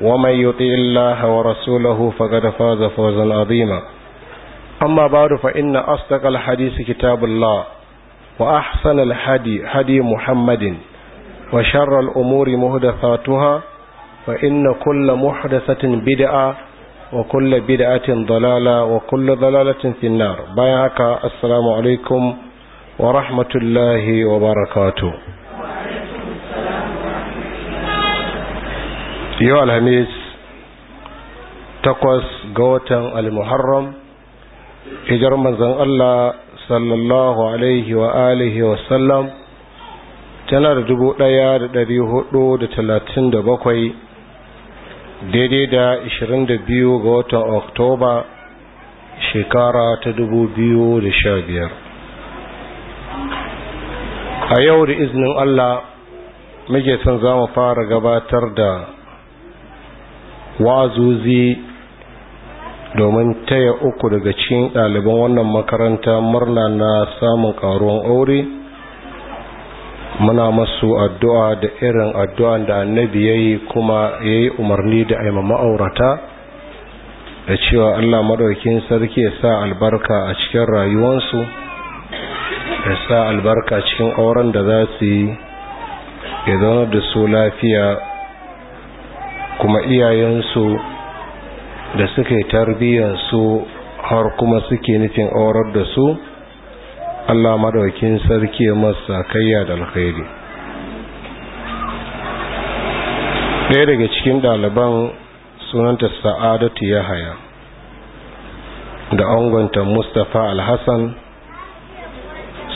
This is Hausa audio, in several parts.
ومن يطع الله ورسوله فقد فاز فوزا عظيما أما بعد فإن أصدق الحديث كتاب الله وأحسن الحدي هدي محمد وشر الأمور محدثاتها فإن كل محدثة بدعة وكل بدعة ضلالة وكل ضلالة في النار بيعك السلام عليكم ورحمة الله وبركاته yau alhamis takwas ga watan almuharram hijar manzan Allah sallallahu alaihi wa alihi wa sallam tana da dubu daya da dari hudu da talatin da bakwai daidai da ishirin da biyu ga watan oktoba shekara ta dubu biyu da sha biyar a yau da izinin Allah muke son za mu fara gabatar da wazuzi domin taya uku daga cikin ɗaliban wannan makaranta murna na samun ƙaruwan aure muna masu addu'a da irin addu'an da annabi ya yi kuma ya yi umarni da aima ma'aurata da cewa Allah maɗaukin sarki ya sa albarka a cikin rayuwansu ya sa albarka cikin auren da za su yi ya zama da su lafiya kuma iyayensu da suke tarbiyyarsu har kuma suke nufin aurar da su Allah madaukin sarki ya masa kayya da alkhairi ɗaya daga cikin ɗaliban sunanta sa'adatu yahaya da angonta mustapha alhassan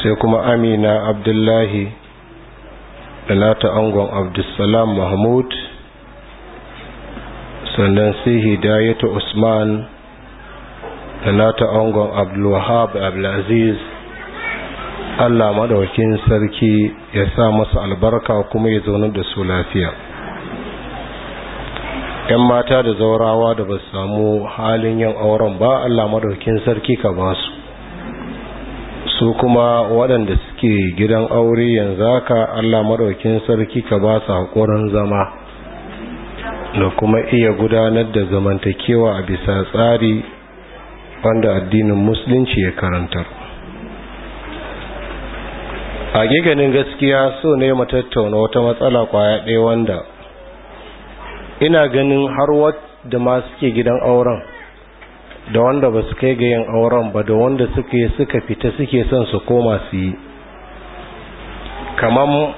sai kuma amina abdullahi da nata angon abdulsalam mahmud sannan sai hidayatu usman da nata angon abdulwahab abdulaziz allah madawakin sarki ya sa masa albarka kuma ya zaune da su lafiya yan mata da zaurawa da ba samu halin yin auren ba allah madawakin sarki ka ba su su kuma waɗanda suke gidan aure yanzu haka allah madawakin sarki ka ba su haƙurin zama da kuma iya gudanar da zamantakewa a bisa tsari wanda addinin musulunci ya karantar a giganin gaskiya so ne matattauna wata matsala kwaya ɗaya wanda ina ganin har da ma suke gidan auren da wanda ba su kai ga yin auren ba da wanda suke suka fita suke son su koma su yi kamar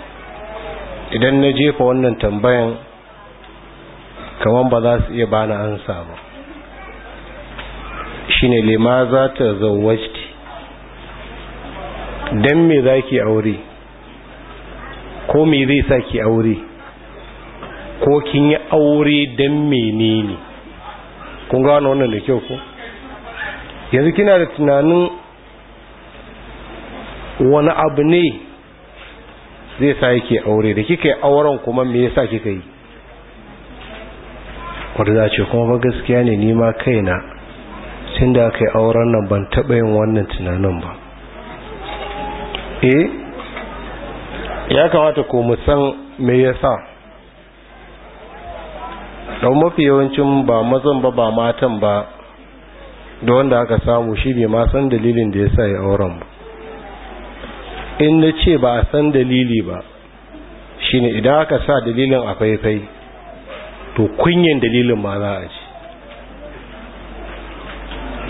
idan na jefa wannan tambayan kamar ba za su iya bani ansa ba ne lima za ta zawwajti don me za ki aure ko me zai sa ki aure ko kin yi aure ne ne kun gano wannan da kyau ko yanzu kina da tunanin wani abu ne zai sa yake aure da kika yi auren kuma me yasa kika yi wadda za ce kuma ba gaskiya ne nima kaina sun da aka yi auren nan ban taɓa yin wannan tunanin ba eh ya kamata ko mu san me yasa don mafi yawancin ba mazan ba ba matan ba da wanda aka samu shi bai ma dalilin da ya sa ya auren ba in na ce ba a san dalili ba shi ne idan aka sa dalilin a faifai to kunyan dalilin ma za a ci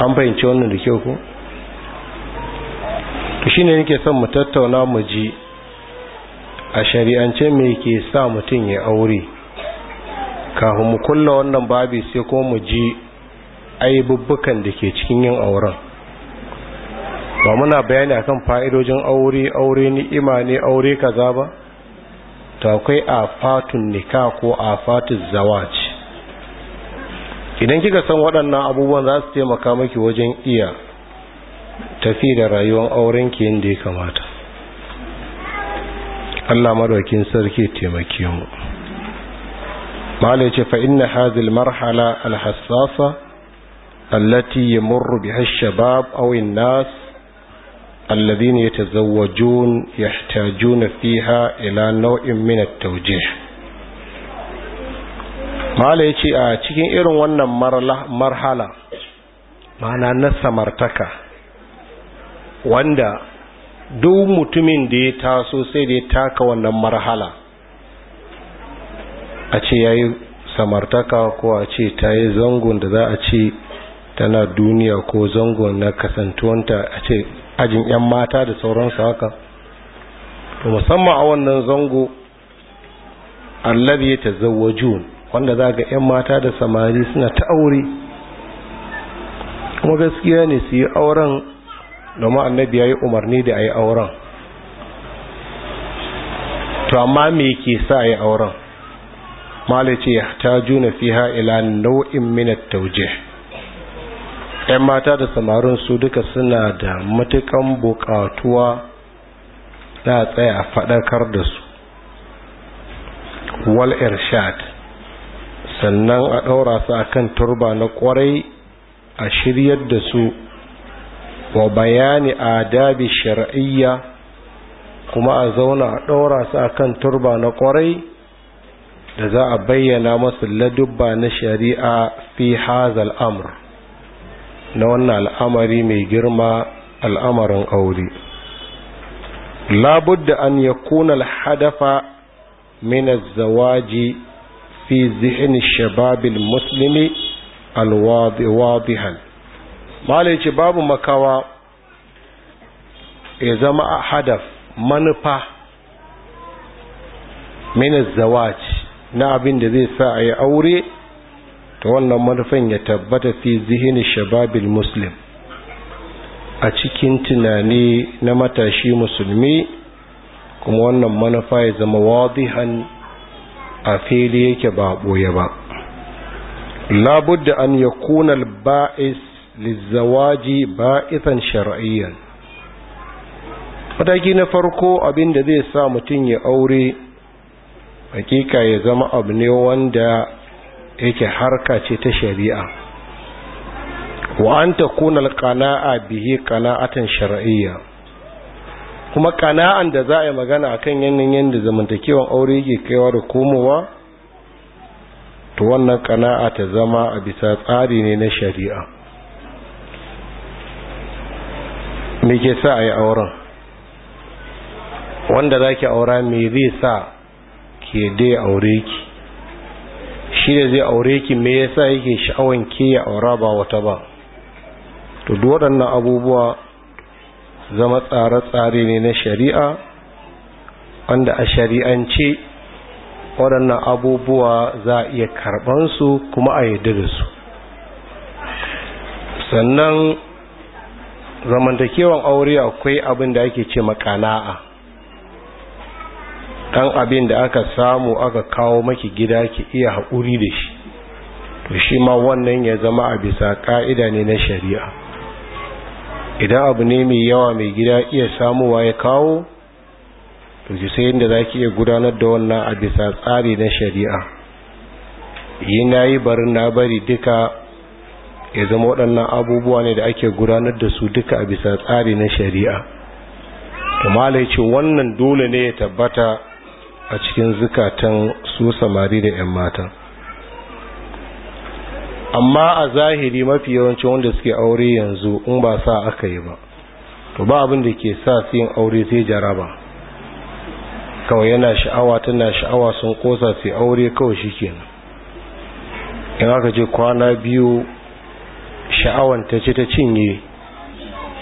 an fahimci wannan da kyau ko to shine nake son mu tattauna mu ji a shari'ance me ke sa mutum ya aure kafin mu kulla wannan babi sai kuma mu ji aibubbukan da ke cikin yin auren ba muna bayani akan fa'idojin aure aure ni'ima ne aure kaza ba to akwai afatun nika ko afatun zawaj idan kika san waɗannan abubuwan za su taimaka maki wajen iya tafi da rayuwar aurenki yadda ya kamata Allah madaukin sarki taimake mu malai ce fa inna hadhihi marhala alhassasa allati yamurru biha ash-shabab aw الذين يتزوجون يحتاجون فيها إلى نوع من التوجيه mala ya ce a cikin irin wannan marhala mana na samartaka wanda duk mutumin da ya taso sai da ya taka wannan marhala a ce ya yi samartaka ko a ce ta yi zangon da za a ce tana duniya ko zangon na kasantuwanta a ce hajin 'yan mata da sauransu haka to musamman a wannan zango allabi zauwa tazawwajun wanda za ga 'yan mata da samari suna ta aure kuma gaskiya ne su yi auren domin annabi ya yi umarni da a yi auren to amma me ke sa a yi auren malice ta juna fiha ila nau'in minat tauje 'yan mata da samarin su duka suna da matukan bukatuwa na tsaya a faɗakar da su wal irshad sannan a ɗaura su a kan turba na ƙwarai a shiryar da su wa bayani adabi shar'iyya kuma a zauna a ɗaura su a kan turba na ƙwarai da za a bayyana masu ladubba na shari'a fi hazal amr na wannan al'amari mai girma al'amarin aure labudda an yakuna al-hadafa min az-zawaji fi zihni shabab al-muslimi al-wadihan malai ce babu makawa ya zama a hadaf manufa min az na abin da zai sa a yi aure ta wannan manufan ya tabbata fi zihini shababil muslim a cikin tunani na matashi musulmi kuma wannan manufa ya zama wadihan a fili yake ba ɓoye ba labudda an ya kunal ba'is lizawaji ba'isan shar'iyyan mataki na farko abin da zai sa mutum ya aure hakika ya zama abu ne wanda yake harka ce ta shari'a wa an ƙana'a alqana'a bihi qana'atan shari'a kuma ƙana'an da za a yi magana a akan yanyan yanda zamantakewan aure yake kaiwa da komowa to wannan ƙana'a ta zama a bisa tsari ne na shari'a me ke sa a yi auren wanda za zaki aura me zai sa ke dai aure ki shi da zai aure ki me yasa yake sha'awan ke ya aura ba wata ba to duk waɗannan abubuwa zama tsare-tsare ne na shari'a wanda a shari'ance waɗannan abubuwa za a iya su kuma a yarda da su sannan zamantakewan aure akwai abin da ake ce makana'a Dan abin da aka samu aka kawo maki gida ki iya haƙuri da shi to shi ma wannan ya zama a bisa ƙa'ida ne na shari'a idan abu ne mai yawa mai gida iya samuwa ya kawo to ki sai inda za iya gudanar da wannan a bisa tsari na shari'a yi na yi barin na bari duka ya zama waɗannan abubuwa ne da ake gudanar da su duka a bisa tsari na shari'a to malai ce wannan dole ne ya tabbata a cikin zukatan su samari da 'yan mata amma a zahiri mafi yawancin wanda suke aure yanzu in ba sa aka yi ba to ba abin da ke sa su yin aure sai jaraba kawai yana sha'awa tana sha'awa sun kosa sai aure kawai shi kenan in aka je kwana biyu sha'awan ta ce ta cinye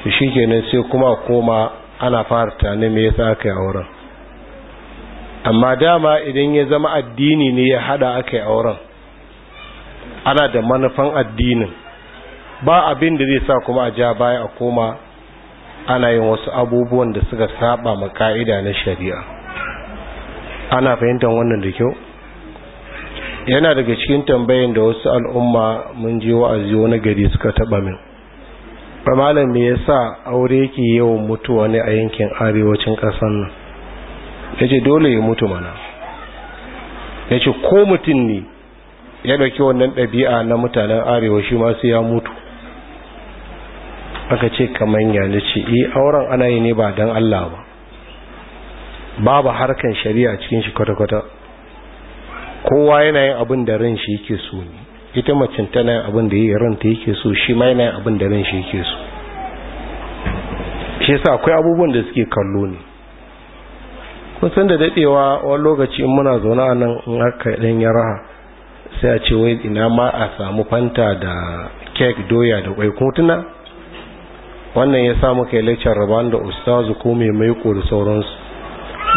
shi kenan sai kuma koma ana fara tane me yasa aka yi auren amma dama idan ya zama addini ne ya hada aka yi auren ana da manufan addinin ba abin da zai sa kuma a ja baya a koma ana yin wasu abubuwan da suka saba ma ka'ida na shari'a ana fahimtar wannan da kyau yana daga cikin tambayin da wasu al'umma mun je wa'azi na gari suka taba min ba malam me yasa aure yake yawan mutuwa ne a yankin arewacin ƙasar nan ya ce dole ya mutu mana ya ce ko mutum ne ya ɗauki wannan ɗabi'a na mutanen arewa shi masu ya mutu aka ce kamar yanzu ce yi eh, auren ana yi ne ba don Allah ba babu harkar shari'a cikin shi kwata-kwata kowa yana yin abin da ran shi yake so ne ita macin tana yin abin da yi ranta yake so shi ma yana yin abin da ran shi yake so shi yasa akwai abubuwan da suke kallo ne kusan da dadewa wani lokaci muna zaune a nan in aka dan ya raha sai a ce wai ina ma a samu fanta da kek doya da kwai kotuna wannan ya sa muka lecture rabon da ustazu ko mai maiko da sauransu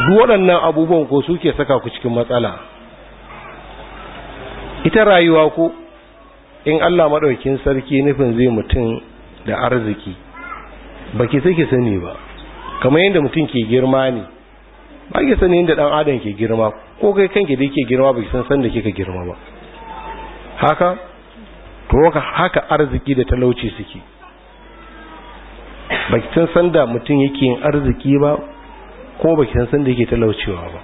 duk waɗannan abubuwan ko suke saka ku cikin matsala ita rayuwa ko in Allah maɗaukin sarki nufin zai mutum da arziki baki sai ki sani ba kamar yadda mutum ke girma ne ba ki sani inda dan adam ke girma ko kai kanki da yake girma ba ki san san da kika girma ba haka to haka arziki da talauci suke ba ki san san da mutum yake yin arziki ba ko ba ki san san da yake talaucewa ba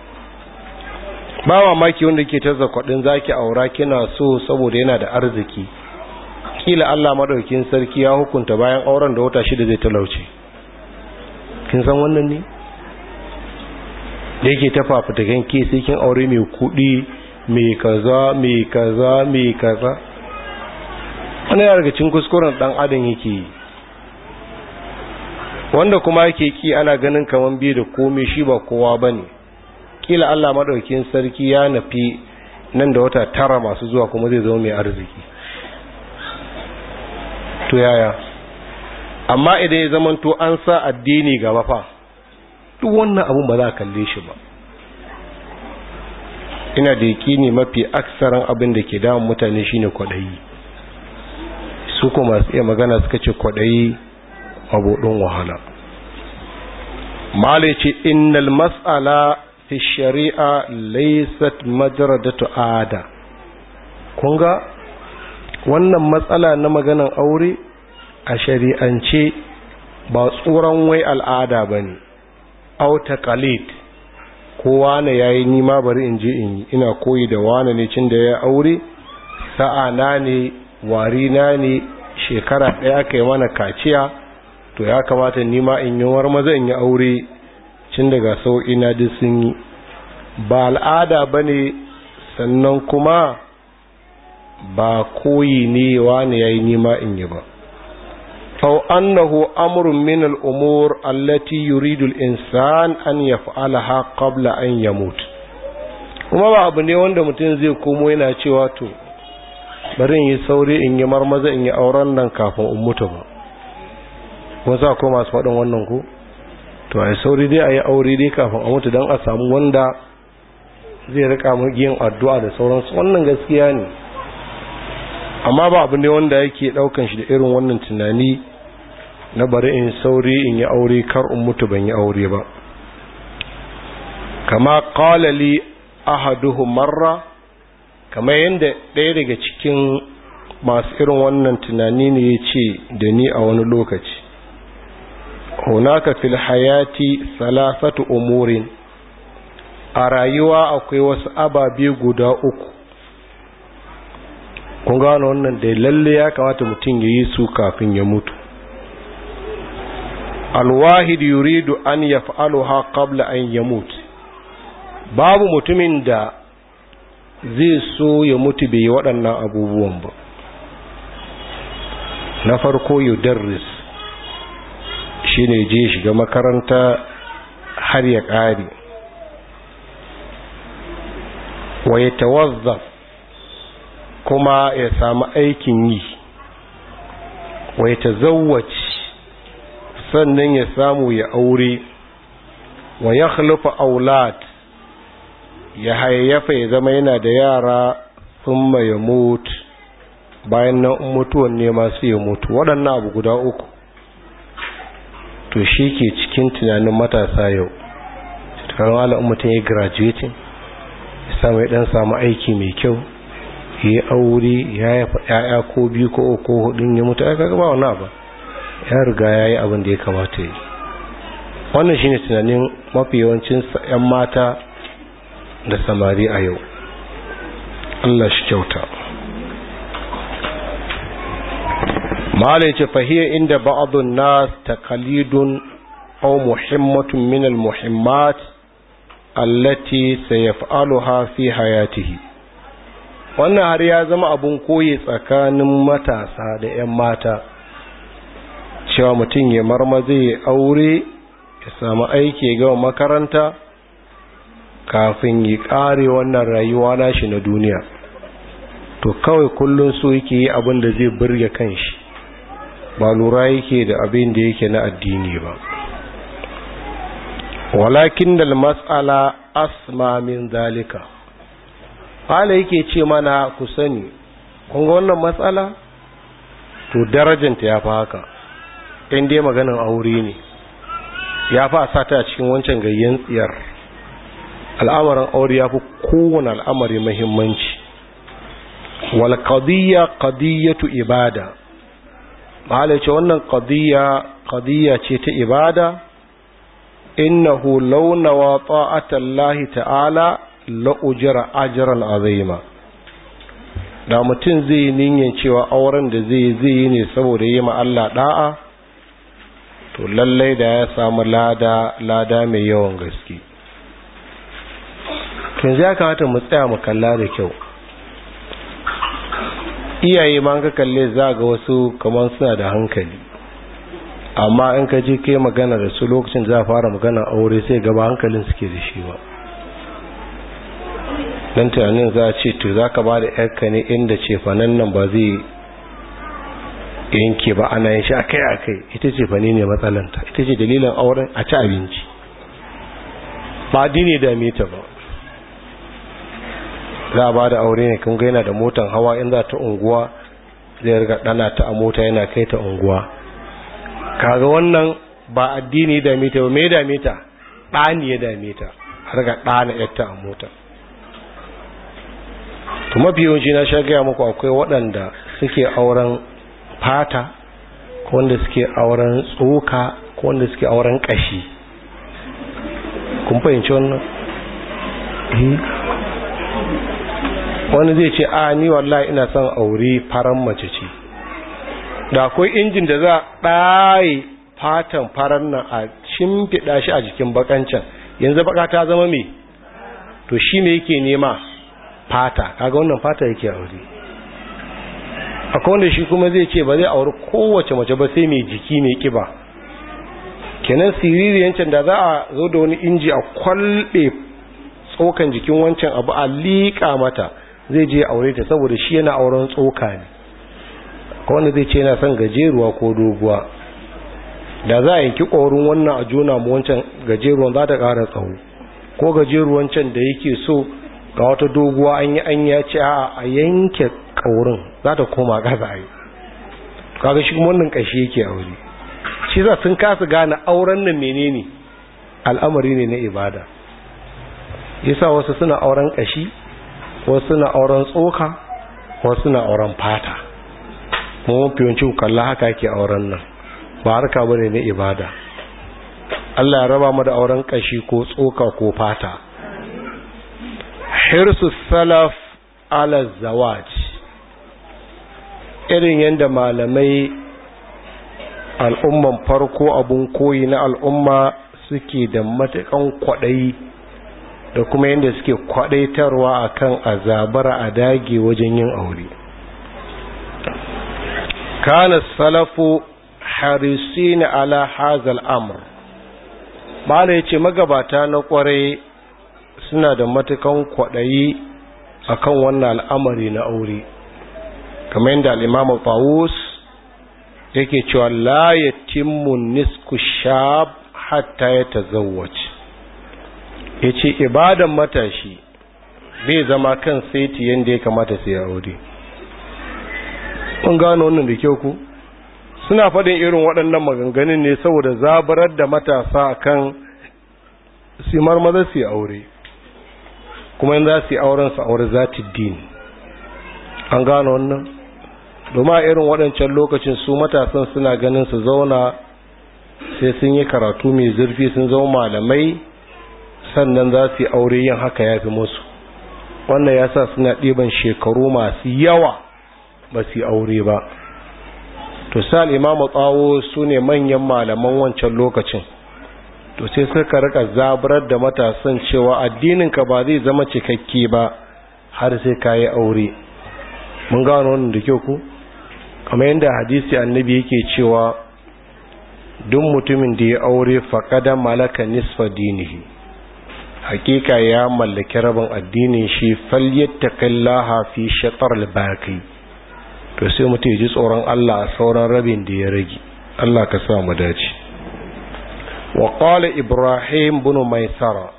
ba mamaki wanda yake tazza kwadin zaki aura kina so saboda yana da arziki kila Allah madaukin sarki ya hukunta bayan auren da wata shida zai talauce kin san wannan ne da yake ta fafutakan ke sai kin aure mai kuɗi mai kaza mai kaza mai kaza wani yana daga kuskuren ɗan adam yake yi wanda kuma yake ki ana ganin kamar biyu da komai shi ba kowa ba ne, kila Allah maɗaukin sarki ya nafi nan da wata tara masu zuwa kuma zai zama mai arziki to yaya amma idan ya zamanto an sa addini ga fa duk wannan abun ba za a kalle shi ba ina da ne mafi aksaran abin da ke damun mutane shine kwadayi su kuma masu iya magana suka ce kwadayi abodin wahala malai ce innal mas'ala fi shari'a laysat majradatu ada Kunga wannan matsala na maganan aure a shari'ance ba tsoron wai al'ada bane Auta-kalit ko wane yayi ni ma bari in je in yi ina koyi da wane ne cin da ya aure sa'a na ne wari na ne shekara ɗaya aka yi mana kaciya to ya kamata ni in yi war maza in yi aure cin daga sau'i na duk sun yi ba al'ada ba ne sannan kuma ba koyi ne wane yayi ni ma in yi ba فهو أنه أمر من الأمور التي يريد الإنسان أن يفعلها قبل أن يموت kuma ba abu ne wanda mutum zai komo yana cewa to bari in yi sauri in yi marmaza in yi auren nan kafin in mutu ba faɗin wannan ku to a yi sauri dai a yi aure dai kafin a mutu don a samu wanda zai rika yin addu'a da sauransu wannan gaskiya ne amma ba abu ne wanda yake daukan shi da irin wannan tunani na bari in sauri in yi aure kar in mutu ban yi aure ba kama qala li ahaduhu marra kamar yadda ɗaya daga cikin masu irin wannan tunani ne ya ce da ni a wani lokaci hunaka fil hayati salasatu umurin a rayuwa akwai wasu ababe guda uku kun gano wannan da lalle ya kamata mutum ya yi su kafin ya mutu alwahid yuridu an yaf'aluha qabla an yamut babu mutumin da zai so ya mutu bai yi waɗannan abubuwan ba na farko yudarris shine je shiga makaranta har ya ƙare wa ya kuma ya samu aikin yi wa ya sannan ya samu ya aure wa ya khalifa aulat ya hayayyafa ya zama yana da yara sun ya mutu bayan nan mutuwan ne masu ya mutu waɗannan abu guda uku to shi ke cikin tunanin matasa yau tunanin ala'in mutum ya graduating ya samu ya ɗan samu aiki mai kyau ya yi aure ya yafa 'ya'ya ko biyu ko uku hudun ya mutu ya ba wani abu ya riga ya yi abin da ya kamata yi wannan shine tunanin mafi yawancin 'yan mata da samari a yau Allah shi kyauta malai ce fahiyar inda ba'adun nas kalidun au muhimmatun minal muhimmat allati sayaf'aluha fi hayatihi wannan har ya zama abun koyi tsakanin matasa da 'yan mata cewa mutum ya marmaze ya aure ya samu aiki ya gama makaranta kafin ya kare wannan rayuwa nashi na duniya to kawai kullum so yake yi abinda da zai birge shi, ba lura yake da abin da yake na addini ba walakin da matsala asma zalika hala yake ce mana ku sani kunga wannan matsala to darajanta ya fi haka in dai maganin aure ne ya fa sata ta cikin wancan gayyan tsiyar al'amarin aure ya fi kowane al'amari mahimmanci wal kadiyya ibada halarci wannan kadiyya kadiyya ce ta ibada innahu launawa nawa ta'atallahi ta'ala la'ujira ajiyar azaima da mutum zai niyyar cewa auren da zai zai ne saboda yi ma Allah da'a to lallai da ya samu lada lada mai yawan gaske yanzu ya kamata mu tsaya mu kalla da kyau iyaye ma ka kalle za ga wasu kamar suna da hankali amma in ka je kai magana da su lokacin za fara magana aure sai gaba hankalin suke da shi ba dan tunanin za ce to za ka ba da yarka ne inda ce fanan nan ba zai yanke ba ana yin shi akai akai ita ce fane ne matsalanta ita ce dalilin auren a ci abinci ba dine dame ta ba za a ba da aure ne kun yana da motan hawa in za ta unguwa zai riga dana ta a mota yana kai ta unguwa kaga wannan ba addini da mita ba me da mita ɗani ya da mita har ga ɗana yatta a mota to mafi yawanci na sha gaya muku akwai waɗanda suke auren fata ko wanda suke auren tsoka ko wanda suke auren kashi kun fahimci wannan hmm. wani zai ce a ni wallahi ina son aure faran mace ce da akwai injin da za a ɗaye fatan faran nan a shimfiɗa shi a jikin bakancan yanzu baka ta zama me to shi ne yake nema fata kaga wannan fata yake aure akwai wanda shi kuma zai ce ba zai auri kowace mace ba sai mai jiki mai kiba kenan siriri yancin da za a zo da wani inji a kwalbe tsokan jikin wancan abu a liƙa mata zai je aure ta saboda shi yana auren tsoka ne akwai wanda zai ce yana son gajeruwa ko doguwa da za a yanki ƙorin wannan a jona mu wancan gajeruwan za ta ƙara tsawo ko gajeruwan can da yake so ga wata doguwa an yi an ya ce a yanke kaurin za ta koma a yi kaga shi wannan ƙashi yake a wuri shi za sun kasa gane auren nan menene al'amari ne na ibada yasa wasu suna auren ƙashi wasu suna auren tsoka wasu suna auren fata kuma fiyanci kalla haka yake auren nan ba harka bane na ibada Allah ya raba mu da auren ƙashi ko tsoka ko fata hirsus salaf ala zawaj irin yadda malamai al'umman farko abun koyi na al'umma suke da matakan kwaɗayi da kuma yadda suke kwaɗaitarwa a kan azabara a dage wajen yin aure kana salafu harisina ala hazal amr mala ya ce magabata na kwarai suna da matakan kwaɗayi kan wannan al'amari na aure kamar yadda al'imamu fawus yake cewa la ya timmun nisku shab hatta ya zawace ya ce ibadan matashi bai zama kan saiti yadda ya kamata sai ya aure kun gano wannan da kyau ku suna faɗin irin waɗannan maganganun ne saboda zabarar da matasa kan simar maza su aure kuma yin za su yi auren su aure za din an gano wannan domin a irin waɗancan lokacin su matasan suna ganin su zauna sai sun yi karatu mai zurfi sun zama malamai sannan za su yi aure yin haka ya fi musu wannan ya sa suna ɗiban shekaru masu yawa ba su yi aure ba to sal imamu tsawo su ne manyan malaman wancan lokacin to sai suka rika zaburar da matasan cewa addininka ba zai zama cikakke ba har sai ka yi aure mun gano wannan da kyau ku kamar yadda hadisi annabi yake cewa duk mutumin da ya aure faƙada malaka nisfa dinihi hakika ya mallaki rabin addinin shi falyattaqillaha fi shatar al-baqi to sai mutum ji tsoron Allah a sauran rabin da ya rage Allah ka sa mu dace wa qala ibrahim bin maisara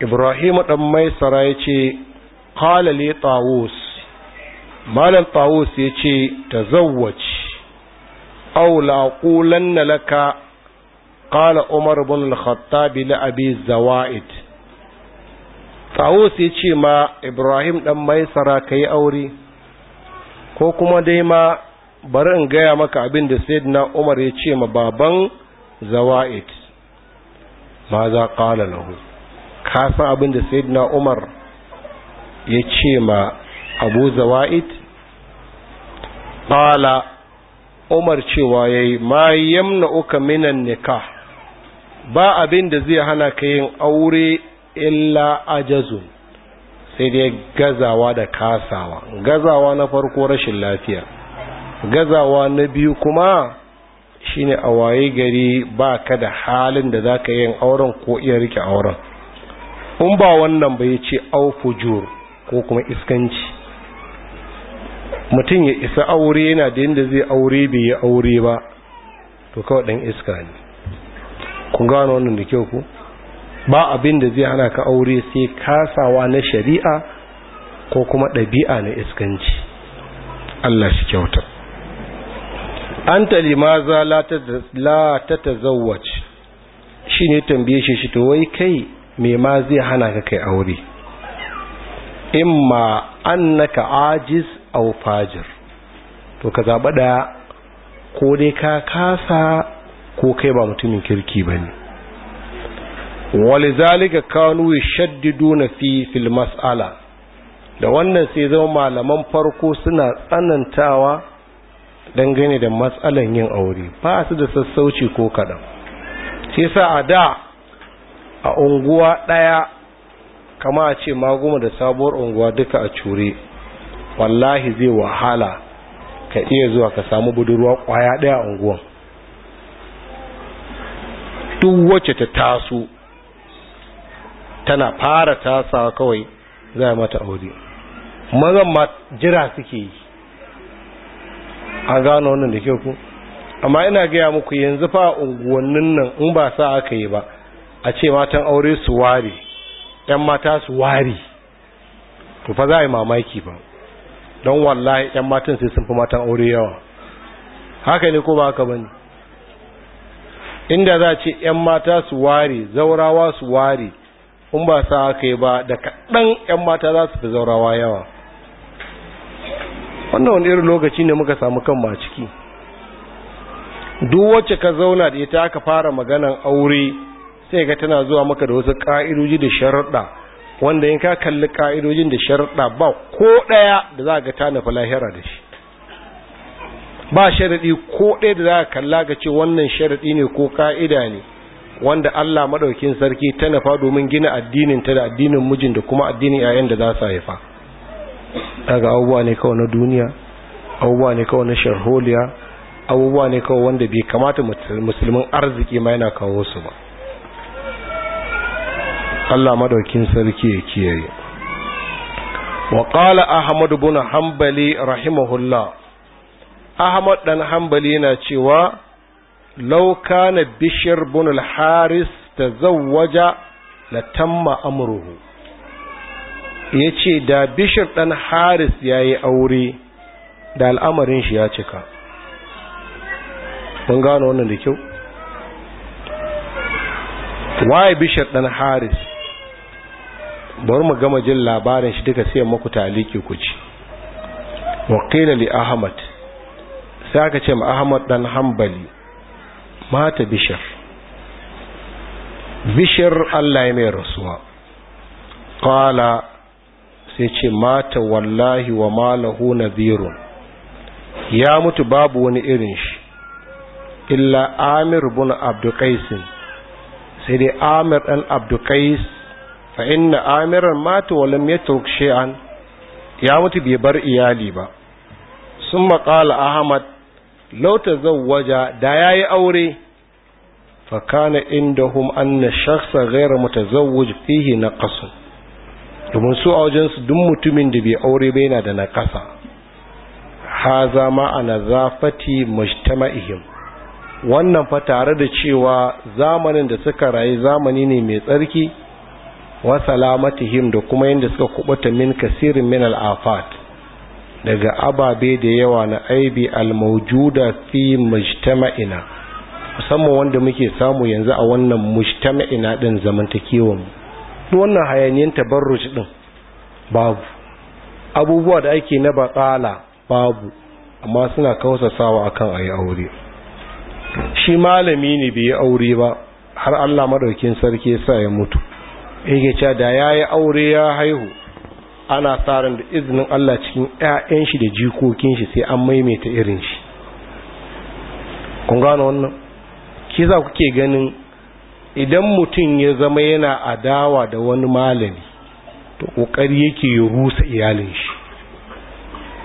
ibrahim dan maisara yace qala li tawus malam tawus ya ce ta zawwaci aula ƙulan laka ƙala umar ibn al khattab li abi zawa'id tawus ya ce ma ibrahim ɗan maisara ka aure ko kuma dai ma bari in gaya maka abin da sayyidina umar ya ce ma baban zawa'id ma za qala lahu ka san abin da sayyidina umar ya ce ma abu zawa'id ƙala umar cewa ya yi ma yamna uka minan nikah ba abin da zai hana ka yin aure illa ajazun sai dai gazawa da kasawa gazawa na farko rashin lafiya gazawa na biyu kuma shine a waye gari ba ka da halin da za ka yin auren ko iya rike auren in ba wannan bai ce au fujur ko kuma iskanci mutum ya isa aure yana da yadda zai aure bai yi aure ba to kawai dan iska ne kun gano wannan da kyau ku ba abin da zai hana ka aure sai kasawa na shari'a ko kuma ɗabi'a na iskanci Allah shi kyauta anta limaza la shi shine tambaye shi shi to wai kai me ma zai hana ka kai aure in an annaka ajiz au fajir to ka zaba ɗaya ko dai ka kasa ko kai ba mutumin kirki bane walizalika kanu yashaddiduna fi fil mas'ala da wannan sai zama malaman farko suna tsanantawa dangane da matsalan yin aure ba su da sassauci ko kaɗan sai sa a da a unguwa ɗaya kama a ce maguma da sabuwar unguwa duka a cure wallahi zai wahala ka iya zuwa ka samu budurwa kwaya daya a unguwan duk wacce ta taso tana fara tasawa kawai za mata aure mazan ma jira suke yi an gano wannan da kyau ku amma ina gaya muku yanzu fa unguwannin nan in ba sa aka yi ba a ce matan aure su ware 'yan mata su ware ku fa za a yi mamaki ba don wallahi yan matan sai sun fi matan aure yawa haka ne ko ba haka bane inda za a ce yan mata su ware zaurawa su ware in ba sa haka yi ba da kaɗan yan mata za su fi zaurawa yawa wannan wani irin lokaci ne muka samu kan ma ciki duk wacce ka zauna da ita aka fara maganan aure sai ga tana zuwa maka da wasu ka'idoji da sharaɗa wanda in ka kalli ka'idojin da sharaɗa ba ko ɗaya da za ga ta na lahira da shi ba sharaɗi ko ɗaya da za ka kalla ga ce wannan sharaɗi ne ko ka'ida ne wanda Allah maɗaukin sarki ta nafa domin gina addinin ta da addinin mijin da kuma addinin 'ya'yan da za su haifa daga abubuwa ne kawai na duniya abubuwa ne kawai na sharholiya abubuwa ne kawai wanda bai kamata musulmin arziki ma yana kawo su ba Allah madaukin sarki ya kiyaye wa qala ahmad ibn hanbali rahimahullah ahmad dan hanbali yana cewa law kana bishr ibn al-haris tazawwaja la tamma amruhu yace da bishr dan haris yayi aure da al'amarin shi ya cika mun gano wannan da kyau waye bishiyar dan haris bari mu gama jin labarin shi duka sai maku taliki ku ci wakila li ahmad sai aka ce ma ahmad dan hanbali mata bishar bishar Allah ya mai rasuwa qala sai ce mata wallahi wa malahu nadhirun ya mutu babu wani irin shi illa amir bin qais sai dai amir dan qais fa inna amiran mata wa lam yatruk shay'an ya mutu bai bar iyali ba sun qala ahmad law tazawwaja da yayi aure fa kana indahum anna shakhsa ghayra mutazawwij fihi naqas domin su a wajen su duk mutumin da bai aure ba yana da naƙasa haza ma ana zafati mujtama'ihim wannan fa tare da cewa zamanin da suka rayu zamani ne mai tsarki wa salamatihim da kuma yadda suka kubuta min kasirin min al'afat daga ababe da yawa na aibi al-mawjuda fi mujtama'ina musamman wanda muke samu yanzu a wannan mujtama'ina din zamantakewa mu duk wannan hayaniyan tabarruj din babu abubuwa da ake na batsala babu amma suna kausasawa akan ayi aure shi malami ne bai yi aure ba har Allah madaukin sarki ya sa ya mutu yake cewa da ya yi aure ya haihu ana tsarin da izinin Allah cikin 'ya'yan shi da jikokin shi sai an maimaita irin shi kun gano wannan Ki za kuke ganin idan mutum ya zama yana adawa da wani malami to kokari yake ya rusa iyalin shi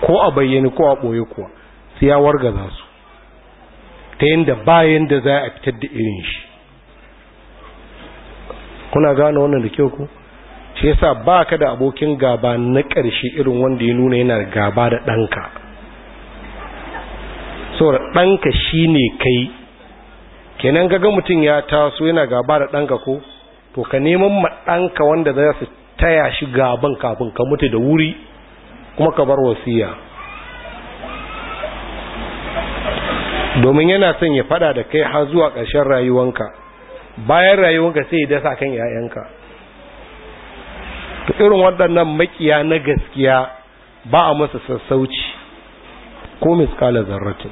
ko a bayyane ko a boye kuwa sai ya wargaza su ta da bayan da za a fitar da irin shi kuna gano wannan da kyau ku shi yasa baka da abokin gaba na ƙarshe irin wanda ya nuna yana gaba da ɗanka saboda ɗanka shine kai kenan gaga mutum ya taso yana gaba da ɗanka ko to ka neman ma ɗanka wanda za su taya shi gaban kafin ka mutu da wuri kuma ka bar wasiya domin yana son ya fada da kai har zuwa ƙarshen rayuwanka bayan rayuwanka sai ya dasa kan yayanka irin waɗannan makiya na gaskiya ba a masa sassauci ko miskala zarratin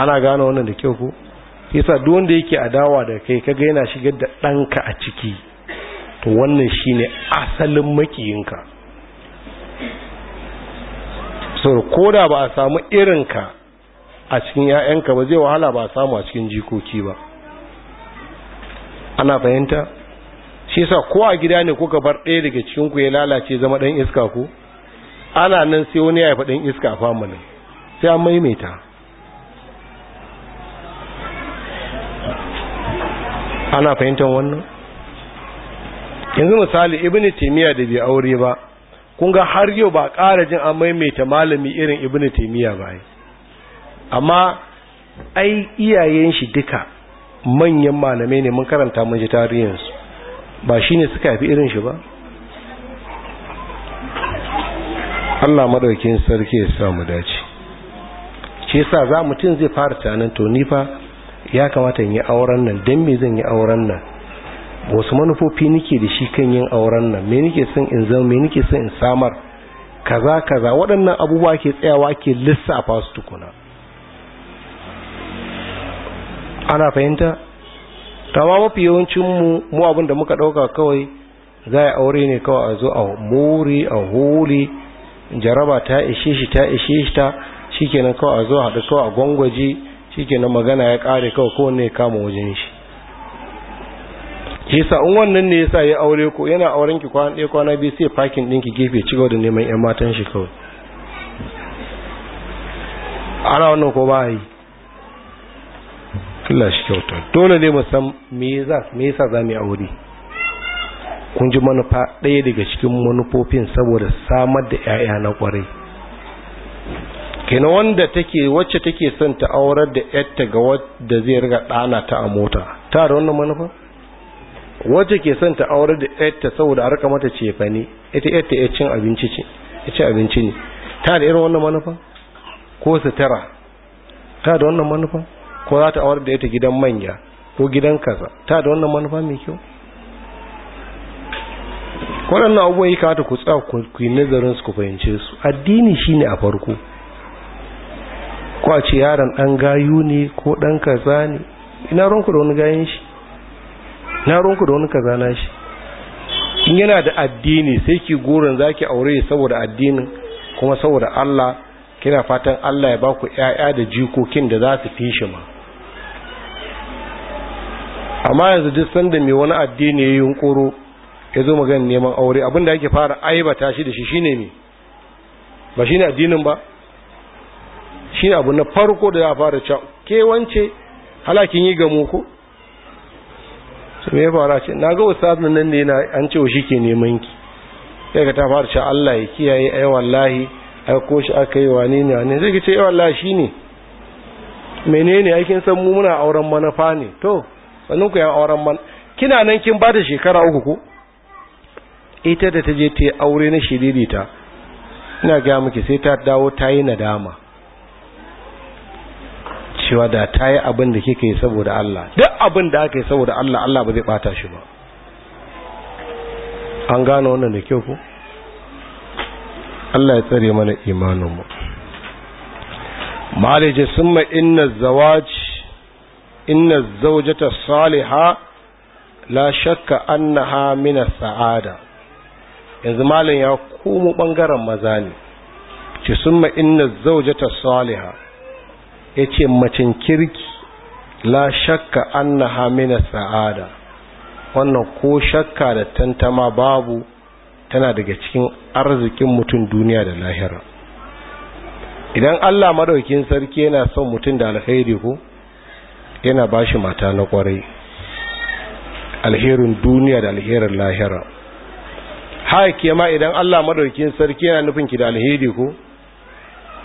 ana gane wannan da kyau ko yasa duk wanda yake adawa da kai kaga yana shigar da ɗanka a ciki to wannan shine asalin makiyinka so koda ba a samu irinka a cikin 'ya'yanka ba zai wahala ba a samu a cikin jikoki ba ana fahimta shi sa ko a gida ne kuka bar ɗaya daga cikin ku ya lalace zama ɗan iska ku ana nan sai wani ya haifa ɗan iska a famulin sai an maimaita ana fahimtar wannan yanzu misali ibn taymiya da bai aure ba kun ga har yau ba ƙara jin an maimaita malami irin ibn taymiya ba amma ai iyayen shi duka manyan malamai ne mun karanta mun ji tarihinsu ba shi ne suka fi irin shi ba Allah madaukin sarki ya sa mu dace shi yasa za mutum zai fara tunanin to ni fa ya kamata in yi auren nan dan me zan yi auren nan wasu manufofi nake da shi kan yin auren nan me nake son in zama me nake son in samar kaza kaza waɗannan abubuwa ke tsayawa ke lissafa su tukuna ana fahimta ma mafi yawancinmu mu abin da muka ɗauka kawai za a aure ne kawai a zo a mori a hole jaraba ta ishe shi ta ishe shi ta shi kawai a zo haɗu kawai a gwangwaji shi magana ya ƙare kawai kowanne ya kama wajen shi sa in wannan ne yasa ya aure ko yana auren ki kwana ɗaya kwana biyu sai fakin ɗinki gefe ci gaba da neman 'yan matan shi kawai ana wannan ko ba yi Allah shi kyauta dole ne mu san me yasa me yasa yi aure kun ji manufa ɗaya daga cikin manufofin saboda samar da ƴaƴa na ƙwarai kenan wanda take wacce take son ta aurar da ƴarta ga wanda zai riga ɗana ta a mota ta da wannan manufa wacce ke son ta aurar da ƴarta saboda a rika mata cefane ita ƴarta ya cin abinci ce ya ci abinci ne ta da irin wannan manufa ko sutura ta da wannan manufa ko za ta awar da ita gidan manya ko gidan kaza ta da wannan manufa mai kyau waɗannan abubuwan yi kawata ku tsa ku yi nazarin su ku fahimce su addini shine a farko ko a ce yaron ɗan gayu ne ko ɗan kaza ne ina ronku da wani gayan shi na ronku da wani kaza na shi in yana da addini sai ki goron ki aure saboda addinin kuma saboda Allah kina fatan Allah ya ba ku ƴaƴa da jikokin da za su fi shi ma amma yanzu duk sanda mai wani addini ya yi yunkuru ya zo magana neman aure abinda yake fara aibata shi da shi shine ne ba shine addinin ba shine abu na farko da ya fara cewa kewance halakin yi ga muku. su mai fara ce na ga wasu ustaz nan ne na an ce shi ke neman ki ya ga ta fara cewa Allah ya kiyaye a yawan lahi a ko shi aka yi wa ne ne sai ka yawan eh, lahi shine menene aikin san mu muna auren manufa ne to wannan ku yan auren man kina nan kin ba da shekara uku ko ita da ta je ta yi aure na shiririta ina ga miki sai ta dawo ta yi nadama cewa da ta yi abin da kika yi saboda Allah duk abin da aka yi saboda Allah Allah ba zai bata shi ba an gano wannan da kyau ko Allah ya tsare mana imaninmu malaje summa inna zawaj inna zaujata saliha la shakka annaha min sa'ada yanzu malam ya komo bangaren maza ne ce summa inna zaujata saliha yace macin kirki la shakka annaha min sa'ada wannan ko shakka da tantama babu tana daga cikin arzikin mutum duniya da lahira idan Allah madaukin sarki yana son mutum da alkhairi ko yana ba shi mata na kwarai alherin duniya da alherin lahira haka ma idan Allah madaukin sarki yana nufin ki da alheri ko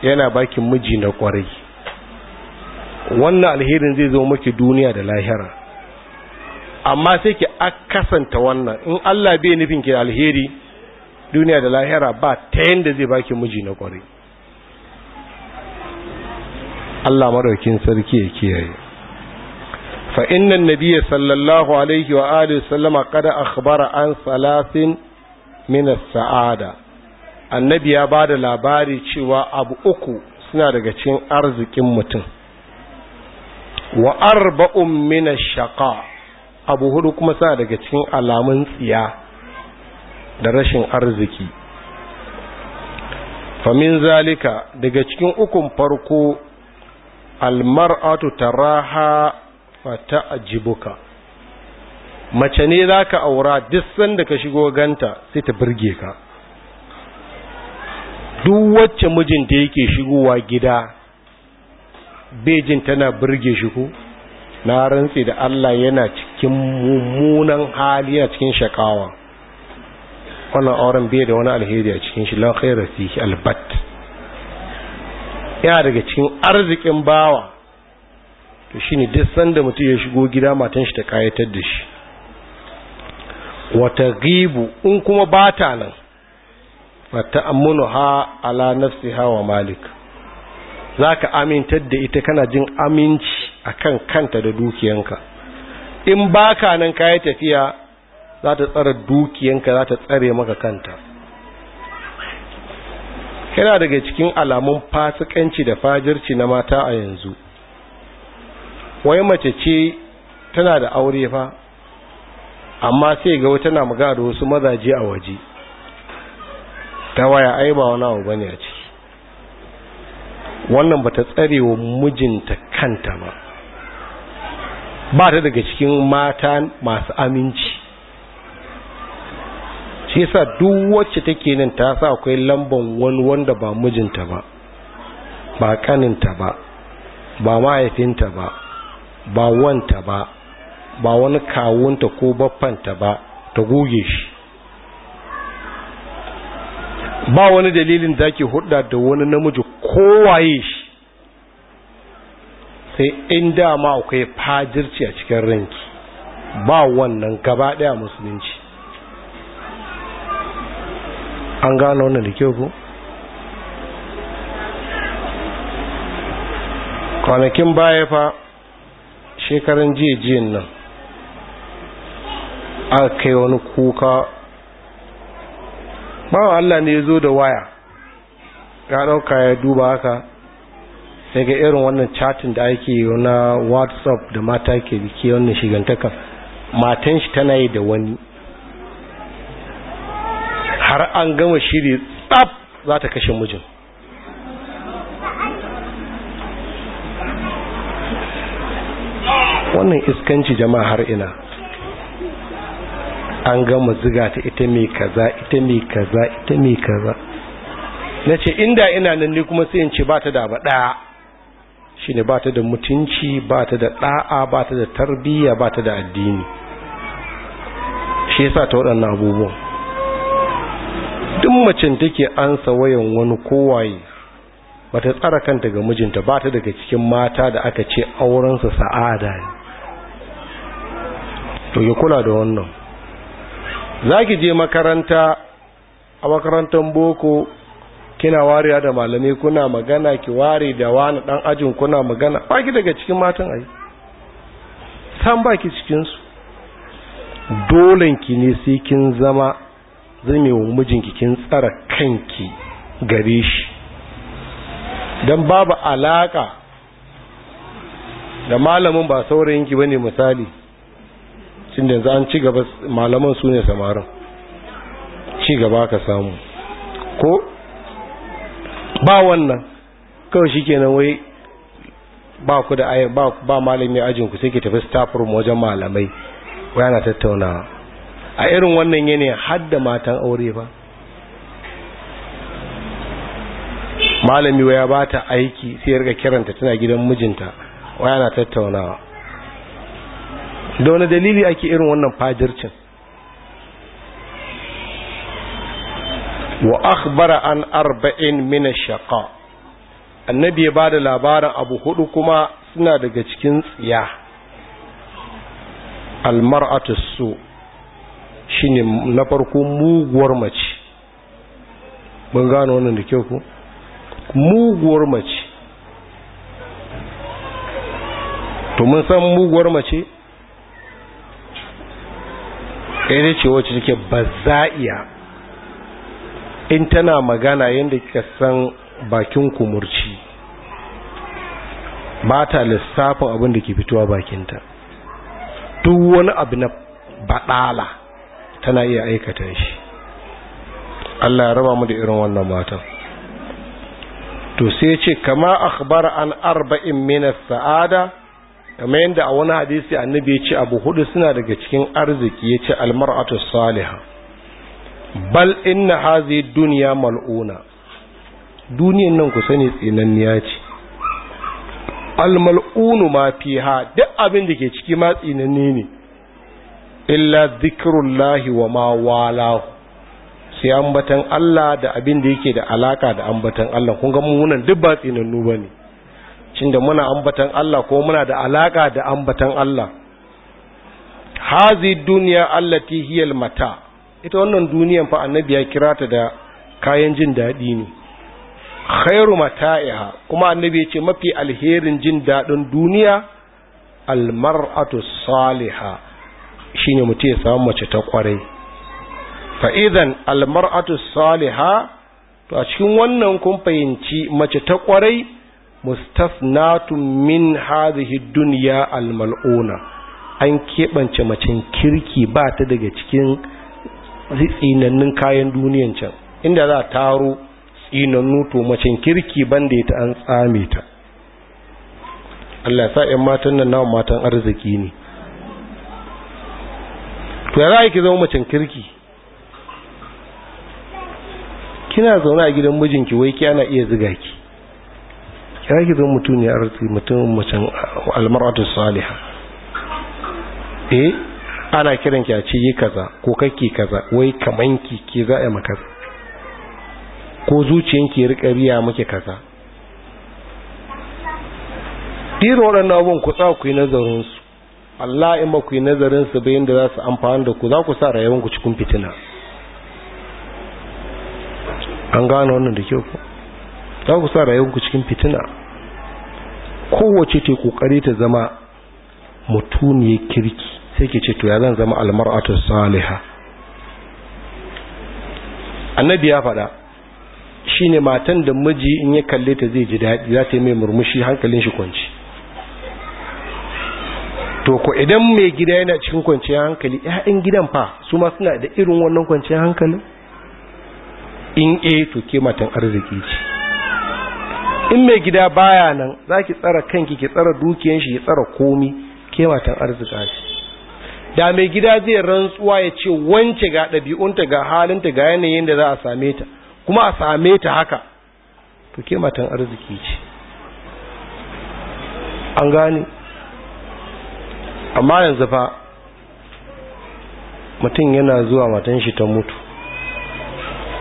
yana baki miji na kwarai wannan alherin zai zo maki duniya da lahira amma sai ki akasanta wannan in Allah bai nufin ki da alheri duniya da lahira ba ta yadda zai baki miji na kwarai Allah madaukin sarki ya kiyaye fa inna nabiyya sallallahu alaihi wa alihi sallama kada akhbara an salasin min saada annabi ya ba da labari cewa abu uku suna daga cikin arzikin mutum wa arba'un min ash abu hudu kuma suna daga cikin alamun tsiya da rashin arziki famin zalika daga cikin ukun farko almar'atu raha. fata ajibuka mace ne za ka aura duk sanda ka shigo ganta sai ta birge ka duk wacce mijinta yake shigowa gida bejin tana birge shi ko na rantsi da Allah yana cikin mummunan hali a cikin shakawa wannan auren bai da wani alheri a cikin shi la khaira albat yana daga cikin arzikin bawa to shine duk sanda mutum ya shigo gida matan shi ta kayatar da shi wata ribu in kuma bata nan fata ha ala nafsiha wa malik zaka amintar da ita kana jin aminci akan kanta da dukiyanka in baka nan kayi tafiya za ta tsara dukiyanka za ta tsare maka kanta yana daga cikin alamun fasikanci da fajirci na mata a yanzu wai mace ce tana da aure fa amma sai ga wata na magana da wasu mazaje a waje ta waya ai ba wani abu bane a ciki wannan bata tsare wa mijinta kanta ba ba ta daga cikin mata masu aminci shi yasa duk wacce take nan ta sa akwai lamban wani wanda ba mijinta ba ba kaninta ba ba mahaifinta ba ba wanta ba ba wani kawunta ko baffanta ba ta goge shi ba wani dalilin da ke hudda da wani namiji kowaye shi sai in dama akwai fajirci a cikin ranki ba wannan gaba daya musulunci an gano wannan da kyau ko kwanakin baya fa shekaran jiyan nan a kai wani kuka bawa Allah ne ya zo da waya ya ɗauka ya duba haka sai ga irin wannan chatin da ake yi na whatsapp da mata ke biki wannan shigantaka matan shi tana yi da wani har an gama shiri tsab za ta kashe mijin wannan iskanci jama'a har ina an gama ziga ta ita mai kaza ita mai kaza ita mai kaza na ce inda ina nan ne kuma sai in ce ba ta da ba ɗaya shi ne ba ta da mutunci ba ta da ɗa'a ba ta da tarbiyya ba ta da addini shi yasa ta waɗannan abubuwan duk macen take ansa wayan wani kowaye ta tsara kanta ga mijinta ba ta daga cikin mata da aka ce aurensa sa'ada ne to yi kula da wannan za ki je makaranta a makarantar boko kina ware da malamai kuna magana ki ware da wani dan ajin kuna magana ba ki daga cikin matan ayi san ba ki cikinsu ki ne sai kin zama zai wa mijinki kin tsara kanki gare shi don babu alaka da malamin ba saurayinki ba ne misali tun da an ci gaba malaman su ne samarin ci gaba ka samu ko ba wannan kawai shi kenan wai ba ku da ayyar ba malami ajin ku sai ke tafi stafur room wajen malamai na tattaunawa a irin wannan yanayin hadda matan aure ba malami waya ba ta aiki sai ya rika kiranta tana gidan mijinta waya na tattaunawa da wani dalili ake irin wannan fajircin wa akhbara an arba'in min shaqa annabi ya bada labarin abu hudu kuma suna daga cikin tsiya almar'atu su shine na farko muguwar mace mun gano wannan da kyau ku muguwar mace to mun san muguwar mace ɗaya ce wacce take baza'iya in tana magana yadda kika san bakin kumurci ba ta lissafin abin da ke fitowa bakinta duk wani abu na baɗala tana iya aikata shi Allah ya raba mu da irin wannan matan to sai ce kama akhbar an arba'in min as-sa'ada kamar yadda a wani hadisi annabi ya ce abu hudu suna daga cikin arziki ya ce almar'atu salihah bal inna hazi duniya mal'una duniyan nan ku sani tsinanniya ce almal'unu ma fi ha, duk abin da ke ciki ma tsinanni ne illa zikrullahi wa ma wala sai ambatan Allah da abin da yake da alaka da ambatan Allah kun ga mu nan duk ba tsinannu bane cin da muna ambatan Allah ko muna da alaƙa da ambatan Allah hazi duniya allati hiyal mata ita wannan duniyan fa annabi ya kira ta da kayan jin daɗi ne khairu mata'iha kuma annabi ya ce mafi alherin jin daɗin duniya almar'atu saliha shine mutum ya samu mace ta kwarai fa idan almar'atu saliha to a cikin wannan kun fahimci mace ta kwarai mustafnatun min hadhihi dunya almal'una an keɓance macen kirki ba ta daga cikin tsinannun kayan duniyan can inda za a taro tsinannu to macen kirki banda ta an tsame ta Allah sa ƴan matan nan nawa matan arziki ne to ya za ki zama macen kirki kina zaune a gidan mijinki wai ki ana iya ziga ki ya ki zan mutum ne arziki mutum mutum almaratu saliha e eh, ana kiran ki a ce yi kaza ko kake kaza wai kaman ki ke za a maka ko zuciyanki ya rika riya muke kaza dira waɗannan abin ku tsaya ku yi nazarinsu Allah in ba ku yi nazarinsu bayan da za su amfani da ku za ku sa rayuwar ku cikin fitina an gane wannan da kyau za ku sa ku cikin fitina kowace ta kokari ta zama mutuniyar kirki sai ke ce to ya zan zama almar'atu Saliha. annabi ya faɗa shine matan da miji in ya kalle ta zai ji daɗi za ta yi mai murmushi hankalin shi kwanci to ko idan mai gida yana cikin kwanciyar hankali ƴaƴan gidan fa su ma suna da irin wannan kwanciyar hankalin in eh to ke matan arziki ce in mai gida baya nan za ki tsara kanki ki tsara dukiyan shi ya tsara komi ke matan arzika ce da mai gida zai rantsuwa ya ce wance ga ɗabi'unta ga halinta ga yanayin da za a same ta kuma a same ta haka to ke matan arziki ce an gane amma yanzu fa mutum yana zuwa matan shi ta mutu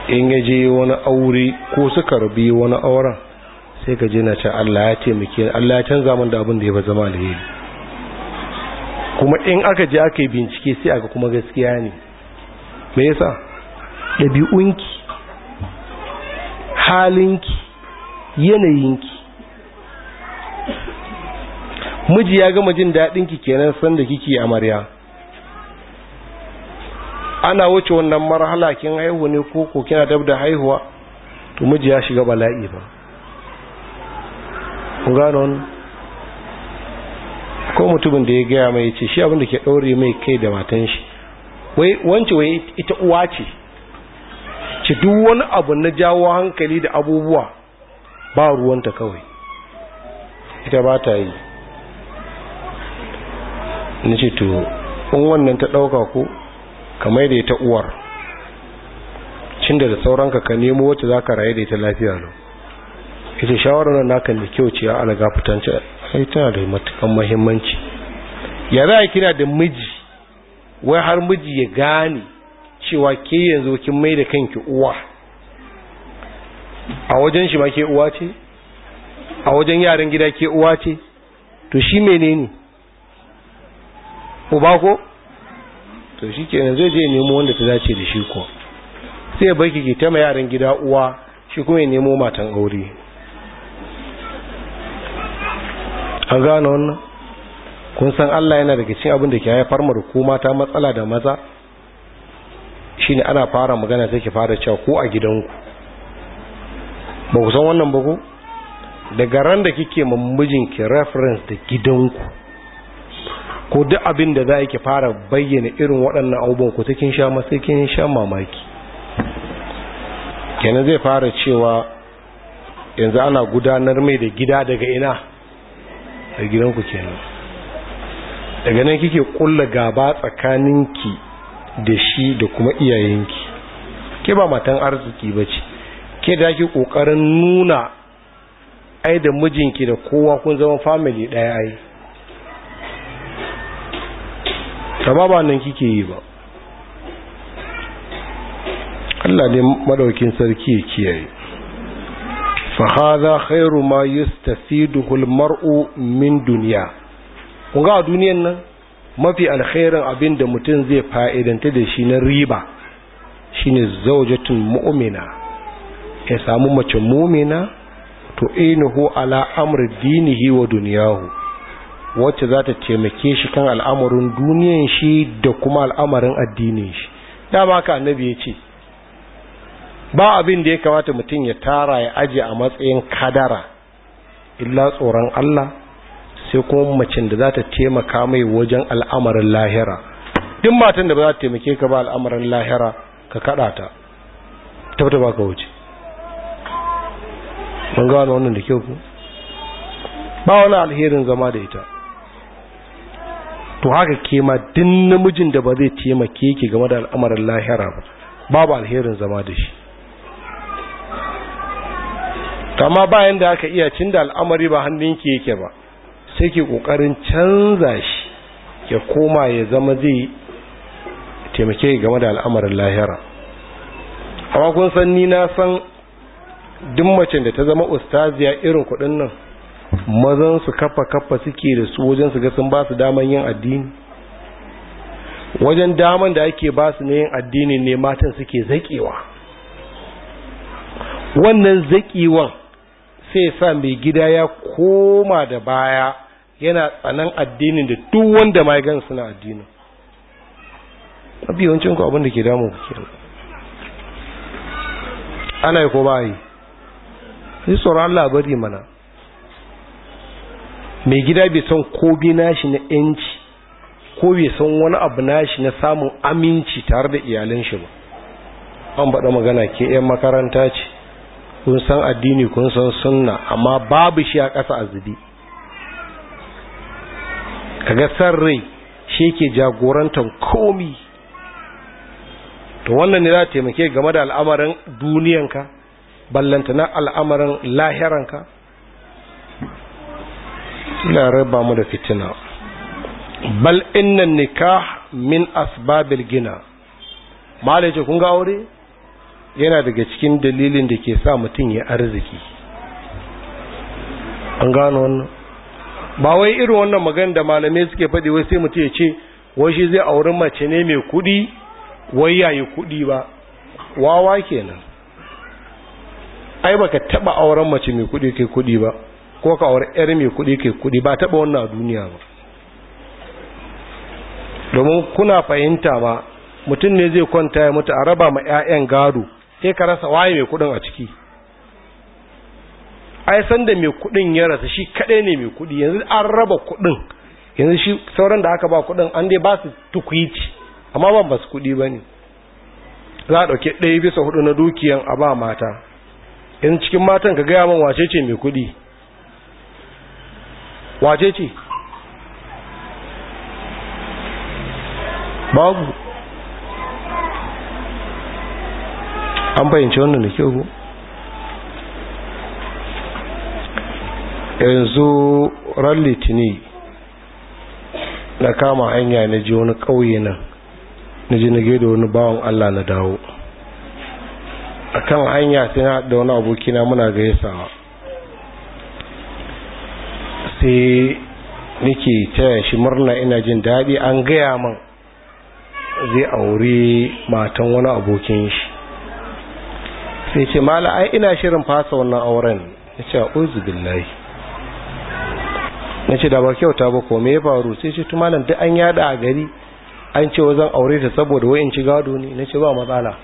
in ya je wani aure ko suka rabi wani auren sai ka je na Allah ya taimake Allah ya canza min da abin da ya ba zama alheri kuma in aka je aka yi bincike sai aka kuma gaskiya ne me yasa ɗabi'unki halinki yanayinki miji ya gama jin daɗinki kenan sanda kike amarya ana wuce wannan marhala kin haihu ne ko ko kina dab da haihuwa to miji ya shiga bala'i ba Kunga ko mutumin da ya gaya mai ce shi abinda ke ɗaure mai kai da matan shi wancan wai ita uwa ce ci duk wani abu na jawo hankali da abubuwa ba ruwanta kawai ita ba ta yi na ce to in wannan ta ɗauka ko kamar da ita uwar cin da sauranka ka nemo wacce za ka raye da ita lafiya lau Ita ce shawarar naka da kyau ce a alaga fitanci ai tana da matukan mahimmanci ya za a kira da miji wai har miji ya gane cewa ke yanzu kin mai da kanki uwa a wajen shi ma ke uwa ce a wajen yaran gida ke uwa ce to shi menene uba ko to shi kenan zai je nemo wanda ta dace da shi ko sai ya baki ki ta ma yaran gida uwa shi kuma ya nemo matan aure an gane wannan kun san Allah yana daga cikin abin da ke haifar mu da mata matsala da maza shine ana fara magana sai ki fara cewa ko a gidanku ba ku san wannan ba ku daga ran da kike mamijin ki reference da gidanku ko duk abin da za ki fara bayyana irin waɗannan abubuwan ku cikin sha masai kin sha mamaki kenan zai fara cewa yanzu ana gudanar mai da gida daga ina a gidanku kenan daga nan kike kulla gaba tsakanin ki da shi da kuma iyayenki ke ba matan arziki ba ce ke da ki kokarin nuna ai da mijinki da kowa kun zama family ɗaya. ai kama ba nan kike yi ba Allah ne madaukin sarki ya kiyaye fahaza khairu ma yustafiduhu almar'u min duniya kun ga duniyan nan mafi alkhairin abin da mutum zai fa'idanta da shi na riba shine zawjatun mu'mina ya samu mace mu'mina to inahu ala amri dinihi wa dunyahu wacce za ta taimake shi kan al'amarin duniyan shi da kuma al'amarin addinin shi ba ka annabi ya ce ba abin da ya kamata mutum ya tara ya aje a matsayin kadara illa tsoron Allah sai kuma macin da za ta taimaka mai wajen al'amarin lahira duk matan da ba za ta taimake ka ba al'amarin lahira ka kada ta tabbata ba ka wuce mun gano wannan da kyau ku ba wani alherin zama da ita to haka ke ma duk namijin da ba zai taimake ki game da al'amarin lahira ba babu alherin zama da shi kama bayan da aka iya cin da al'amari ba hannunki yake ba sai ke kokarin canza shi ya koma ya zama zai taimake game da al'amarin lahira amma kun san ni na san duk mace da ta zama ustaziya irin kuɗin nan mazan su kafa kafa suke da su wajen su ga sun ba su daman yin addini wajen daman da ake ba su ne yin addini ne matan suke zakewa wannan zakewan sai sa mai gida ya koma da baya yana tsanan addinin da duk wanda ma gan suna addinin abiyoncin ku abin ke damu ku ana yi ko ba yi sai tsoron Allah bari mana mai gida bai san kobi nashi na yanci ko bai san wani abu nashi na samun aminci tare da iyalan shi ba an bada magana ke 'yan makaranta ce kun san addini kun san sunna amma babu shi a ƙasa azubi kaga san rai shi ke jagorantar komi to wannan ne za ta taimake game da al'amarin duniyanka ballantana al'amarin lahiranka Ila ba mu da fitina bal innan nikah min asbabil gina malaje kun ga aure yana daga cikin dalilin da ke sa mutum ya arziki an gano wannan ba wai irin wannan magan da malamai suke faɗi wai sai mutum ya ce wai shi zai auri mace ne mai kuɗi wai yayi kuɗi ba wawa kenan ai baka taba auren mace mai kuɗi kai kuɗi ba ko ka aure yar mai kuɗi kai kuɗi ba taba wannan a duniya ba domin kuna fahimta ba mutum ne zai kwanta ya mutu a raba ma 'ya'yan gado sai ka rasa waye mai kudin a ciki ai san da mai kudin ya rasa shi kadai ne mai kudi yanzu an raba kudin yanzu shi sauran da aka ba kudin an dai ba su tukuici amma ban ba su kudi ba za a ɗauke ɗaya bisa hudu na dukiyan a ba mata yanzu cikin matan ka gaya min wace ce mai kudi wace ce babu an fahimci wannan da kyau yanzu ran litini na kama hanya na ji wani ƙauye nan na ji na da wani bawan allah na dawo a kan hanya sai na da wani abokina muna gaisawa sai nake taya shi murna ina jin daɗi an gaya man zai aure matan wani abokin shi sai ce mala ai ina shirin fasa wannan auren ya ce a uzu billahi na ce da ba kyauta ba ko me ya faru sai ce tu malam duk an yada a gari an ce zan aure ta saboda wayan ci gado ne na ce ba matsala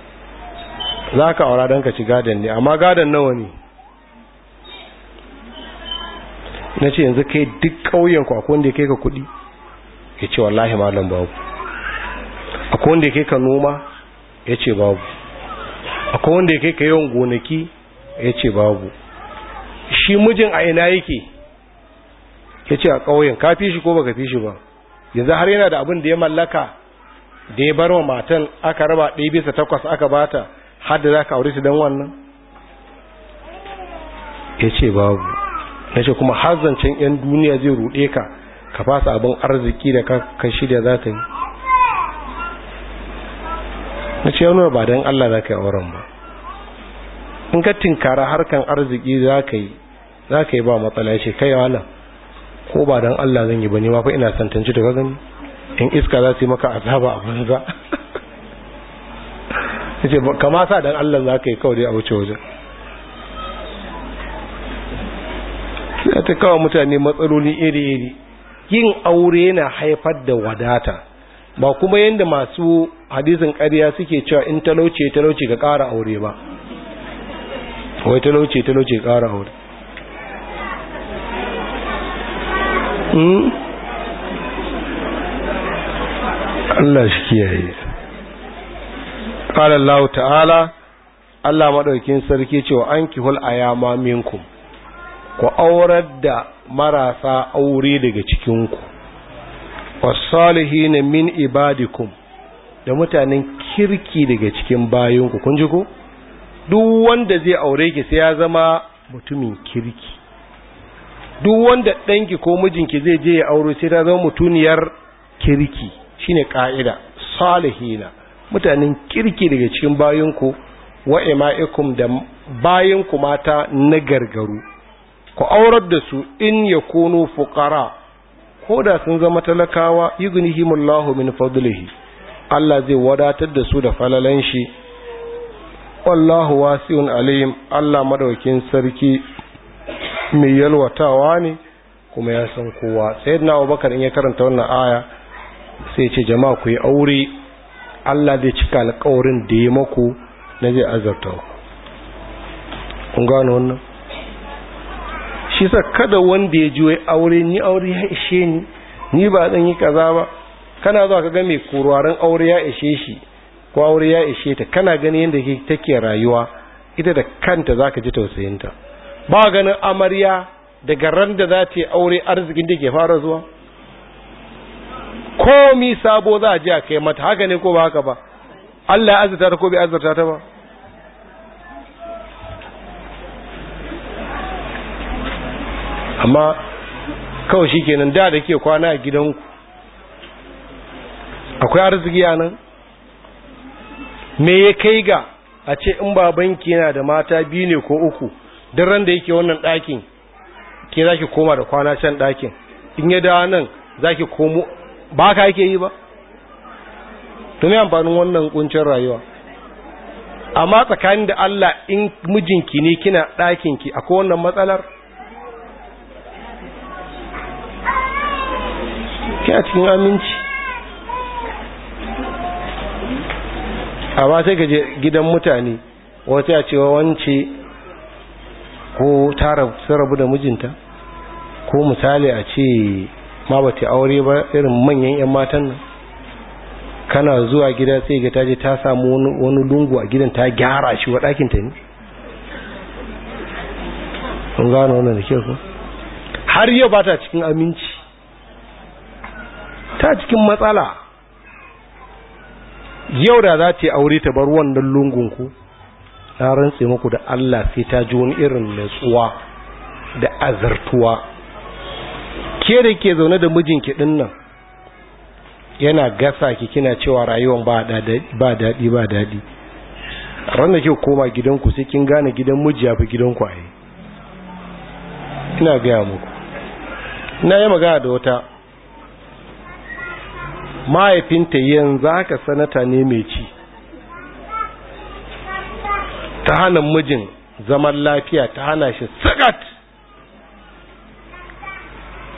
za ka aura don ka ci gadon ne amma gadon nawa ne na ce yanzu kai duk ƙauyen ku akwai wanda ya kai ka kuɗi ya ce wallahi malam babu akwai wanda ya kai ka noma ya ce babu akwai wanda ya kai ka yawan gonaki ya ce babu shi mijin a ina yake ya ce a ƙauyen ka fi shi ko baka fi shi ba yanzu har yana da abin da ya mallaka da ya bar wa matan aka raba ɗaya bisa takwas aka bata har da za ka aure su don wannan ya ce babu na ce kuma har zancen 'yan duniya zai ruɗe ka ka fasa abin arziki da ka shirya za ka yi na ce yanuwar ba don Allah za ka yi auren ba in ka tinkara harkan arziki za ka yi za ka yi ba matsala ce kai wala ko ba don Allah zan yi ba ne ma fa ina santanci da gazan in iska za su yi maka azaba a banza ya ce kama sa don Allah za ka yi kawai a wuce wajen sai ta kawo mutane matsaloli iri-iri yin aure yana haifar da wadata ba kuma yadda masu hadisin ƙarya suke cewa in talauce talauce ka ƙara aure ba wai talauce talauce ka ƙara aure hmm? Allah shi kiyaye qala Allah ta'ala Allah madaukin sarki cewa ankihul ayama minkum ku aurar da marasa aure daga cikinku na min ibadikum da mutanen kirki daga cikin bayanku kun ji ko duk wanda zai aure ki sai ya zama mutumin kirki duk wanda danki ko mijinki zai je ya aure sai ta zama mutuniyar kirki shine ka'ida salihina mutanen kirki daga cikin bayanku wa ima'ikum da ku mata na gargaru ku aurar da su in ya kono fuqara ko da sun zama talakawa yugnihimullahu min fadlihi Allah zai wadatar da su da falalan shi wallahu wasi'un alim Allah madaukin sarki mai yalwatawa ne kuma ya san kowa sayyidina Abubakar in ya karanta wannan aya sai ya ce jama'a ku yi aure Allah zai cika alƙawarin da ya maku na zai azabta ku. kun gano wannan shi sa kada wanda ya ji wai aure ni aure ya ishe ni ni ba zan yi kaza ba kana zuwa ka ga mai kurwarin aure ya ishe shi ko aure ya ishe ta kana gani yadda take rayuwa ita da kanta za ka ji tausayinta ba ganin amarya daga ran da za ta yi aure arzikin da ke fara zuwa komi sabo za a ji a kai mata haka ne ko ba haka ba Allah ya azurta ta ko bai azurta ta ba amma kawai shi kenan da da ke kwana a gidanku akwai arziki a nan me ya kai ga a ce in babanki yana da mata biyu ne ko uku don ran da yake wannan ɗakin ke za ki koma da kwana can ɗakin in ya dawa nan za ki komo ba ka ake yi ba tuni amfanin wannan kuncin rayuwa amma tsakanin da Allah in mijinki ne kina ɗakinki akwai wannan matsalar kina cikin aminci amma sai ka je gidan mutane wata ya cewa wance ko tara sun rabu da mijinta ko misali a ce ma ba ta aure ba irin manyan 'yan matan nan kana zuwa gida sai ga ta ta samu wani lungu a gidan ta gyara shi wa ɗakinta ne sun gano wannan da kyau har yau ba ta cikin aminci ta cikin matsala yau da za ta yi aure ta bar wannan lungun ku na rantse muku da Allah sai ta ji wani irin natsuwa da azartuwa ke da ke zaune da mijinki din nan yana gasa ki kina cewa rayuwar ba daɗi ba daɗi ba daɗi ran da ke koma gidanku sai kin gane gidan miji ya fi ku a yi ina gaya muku na yi magana da wata mahaifinta yanzu ka sanata ne mai ci ta hana mijin zaman lafiya ta hana shi sakat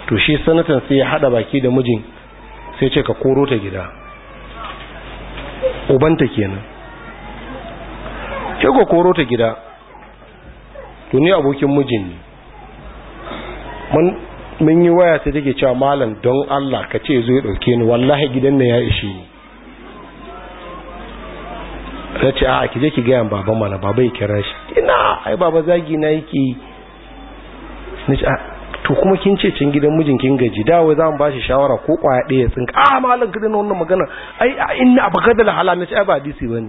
to shi sanatan sai ya hada baki da mijin sai ce ka koro ta gida ubanta kenan ke ko koro ta gida to ni abokin mijin ne mun yi waya sai take cewa malam don Allah ka ce zo ya dauke ni wallahi gidan na ya ishe ni ta ce a ki je ki gayan baban mana baba ya kira shi ina ai baba zagi na yake na ce a to kuma kin ce cin gidan mijin kin gaji da wai zan ba shi shawara ko kwaya ɗaya tsinka a malam dana wannan magana ai inna da halal na ce ai ba disi bane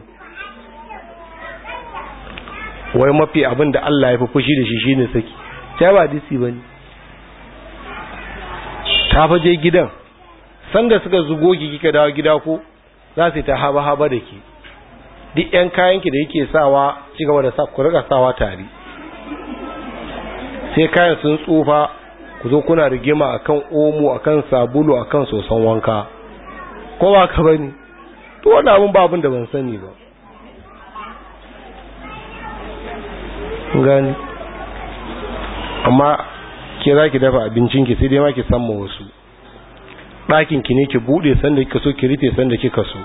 wai mafi abin da Allah ya fi fushi da shi shine saki ce ba disi bane ta faje gidan sanda suka zugo ki kika dawo gida ko za su ta haba haba da ke duk yan kayan ki da yake sawa ci gaba da sa ku rika sawa tare sai kayan sun tsufa ku zo kuna rigima akan omo akan sabulu akan soson wanka ko ba ka bani to wannan abun ba abin da ban sani ba amma ke za ki dafa abincin ki sai dai ma ki san mu wasu ɗakin ki ne ki buɗe sanda kika so ki rufe sanda kika so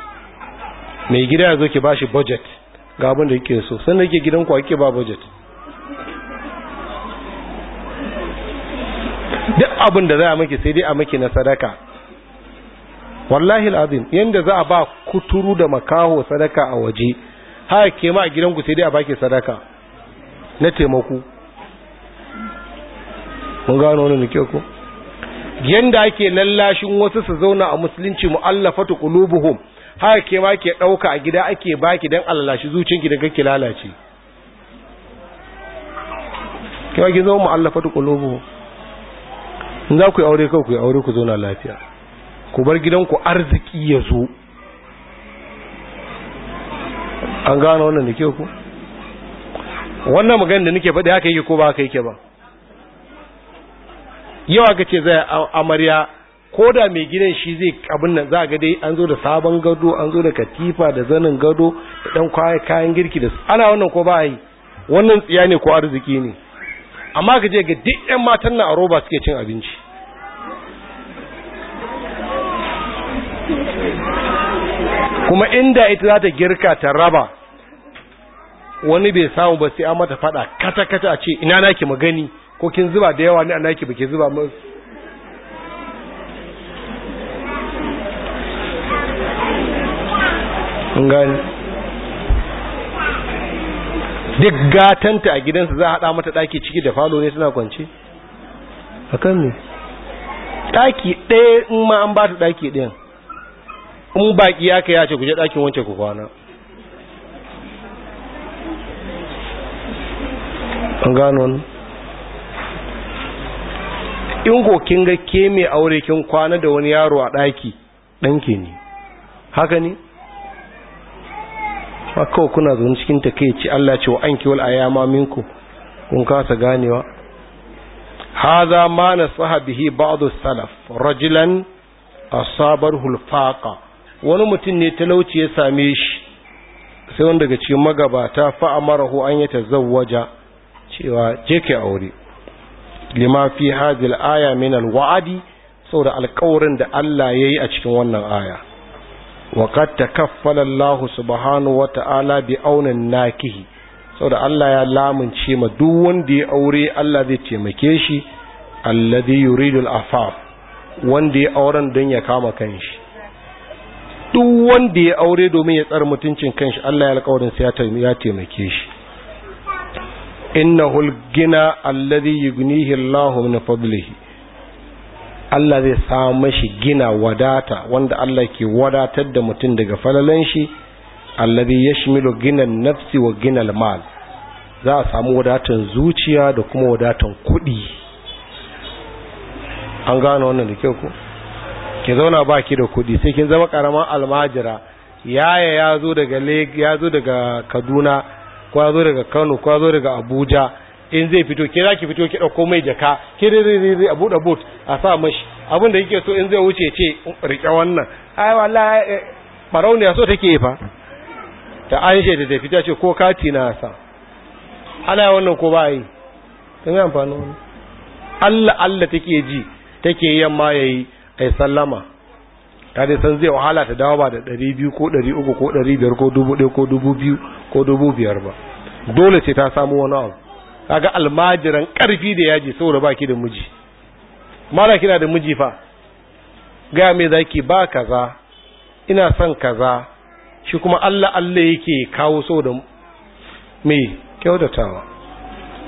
mai gida ya zo ki bashi budget ga abin da kike so sanda kike gidan ku kike ba budget duk abin da za a miki sai dai a miki na sadaka wallahi alazim yanda za a ba kuturu da makaho sadaka a waje haka ke ma a ku sai dai a baki sadaka na taimako mun gano wannan da kyau ko yanda ake lallashin wasu su zauna a musulunci mu'allafatu qulubuhum haka ke ma ke dauka a gida ake baki dan allalashi zuciyanki dan kake lalace ke ba ki zama mu'allafatu qulubuhum in za ku yi aure kai ku yi aure ku zauna lafiya ku bar gidanku arziki ya zo an gano wannan da kyau ku wannan magana da nake faɗi haka yake ko ba haka yake ba yawa ka ce zai amarya ko da mai gidan shi zai abin nan za ga dai an zo da sabon gado an zo da katifa da zanin gado da ɗan kayan girki da su. ana wannan ko ba yi wannan tsiya ne ko arziki ne amma ka je ga duk yan matan na a roba suke cin abinci kuma inda ita za ta girka ta raba wani bai samu ba sai an mata faɗa kata kata a ce ina naki magani ko kin zuba da yawa ne a naki baki zuba mun? gani duk gatanta a gidansa za a haɗa mata ɗaki ciki da falo ne suna kwance a kan ne ɗaki ɗaya in ma an ba ta ɗaki ɗayan in baƙi aka yace ce, je ɗakin wancan ku kwana gano wani in ko kin ga ke mai aure kin kwana da wani yaro a ɗaki ɗanki ne haka ne kawai kuna zuwa cikin ta Allah ce wa an kiwal a yama minku kun kasa ganewa haza ma na sahabihi ba'adu salaf rajulan asabar Hulfaka, wani mutum ne talauci ya same shi sai wanda daga cikin magabata fa amarahu an ya tazawwaja cewa je ke aure lima fi aya min Wa'adi, wadi saboda alƙawarin da Allah yayi a cikin wannan aya wa qad takaffala Allahu subhanahu wa ta'ala bi aunin nakihi saboda Allah ya lamunce ma duk wanda ya aure Allah zai taimake shi alladhi yuridu al-afaf wanda ya auren don ya kama kanshi duk wanda ya aure domin ya tsara mutuncin kanshi Allah ya alƙawarin sai ya taimake shi innahu al-gina alladhi yughnihi Allahu min fadlihi Allah zai samu shi gina wadata wanda Allah ke wadatar da mutum daga falalan shi alladhi yashmilu gina nafsi wa gina mal za a samu wadatan zuciya da kuma wadatan kuɗi an gano wannan da kyau ko ki zauna baki da kuɗi sai kin zama karaman almajira yaya ya zo daga ya zo daga Kaduna ko zo daga Kano ko zo daga Abuja in zai fito ke zaki fito ki dauko mai jaka kiririri a buɗe boot a sa mashi abin da yake so in zai wuce ce rike wannan ai wallahi barauniya eh, so take fa ta aisha da tafi ta ce ko kati na sa ana wannan ko ba yi kan yi amfani Allah Allah take ji take yamma yayi ai sallama ta dai san zai wahala ta dawo ba da ɗari biyu ko ɗari uku ko ɗari ko dubu ɗaya ko dubu biyu ko dubu biyar ba dole ce ta samu wani abu kaga almajiran ƙarfi da yaji saboda baki da miji mala kina da miji fa ga me zaki ba kaza ina son kaza shi kuma Allah Allah yake kawo saboda me kyautatawa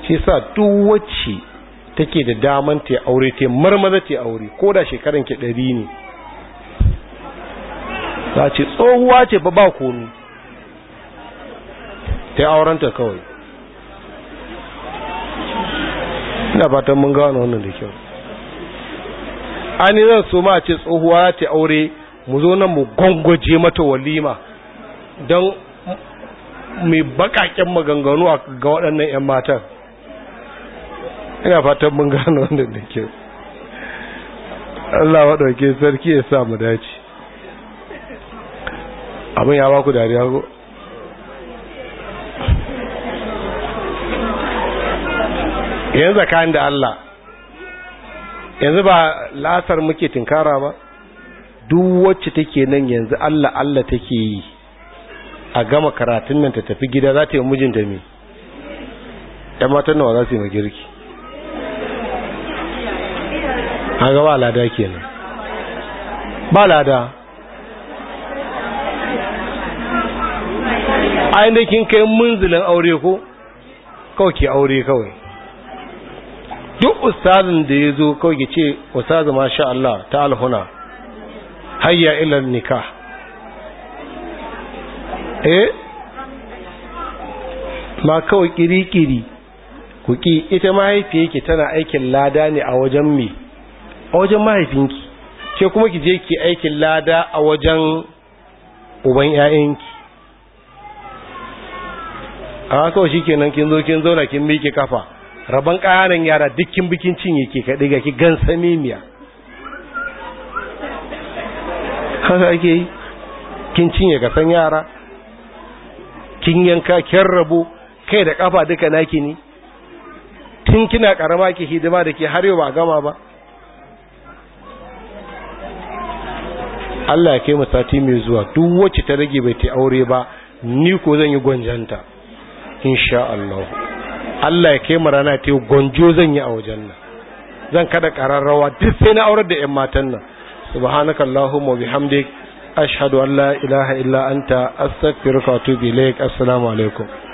shi sa duk wacce take da daman ta aure ta marmaza ta aure ko da shekaran ke ɗari ne ta ce tsohuwa ce ba ba kunu ta yi aurenta kawai ina fatan mun gano wannan da kyau an yi zan so ma ce tsohuwa ta aure mu zo nan mu gwangwaje mata walima don mai bakaƙen maganganu ga waɗannan 'yan matan ina fatan mun gano wannan da kyau Allah waɗauke sarki ya sa mu dace abin ya ba ku dariya ko yanzu tsakanin da Allah yanzu ba lasar muke tinkara ba duk wacce take nan yanzu Allah Allah take yi a gama karatun nan ta tafi gida za ta yi mijinta mai ɗan matan nawa za su yi magirki a gaba ke kenan ba al'ada. ainihin kin kai munzulin aure ko kawai ki aure kawai duk ustazin da ya zo kawai ki ce ustazu masha Allah ta alhuna hayya ila nikah eh ma kawai kiri-kiri ku ki ita mahaifiyarki tana aikin lada ne a wajen mi a wajen mahaifinki ke kuma ki je ki aikin lada a wajen uban 'ya'yanki a kawai shi kenan kin zo kin zauna kin miƙe kafa rabon ƙananan yara dukkin bikin cinye ke kaɗai ga ki gan samimiya haka ake yi kin cinye san yara kin yanka kin rabo kai da kafa duka naki ne tun kina karama ki hidima da ke har yau ba gama ba Allah ya kai mu sati mai zuwa duk wacce ta rage bai ta aure ba ni ko zan yi gwanjanta insha Allah Allah ya kai mu rana ta gonjo zan yi a wajen nan zan kada kararrawa duk sai na aurar da ƴan matan nan Allahumma bihamdik ashhadu an la ilaha illa anta astaghfiruka wa atubu ilaik assalamu alaikum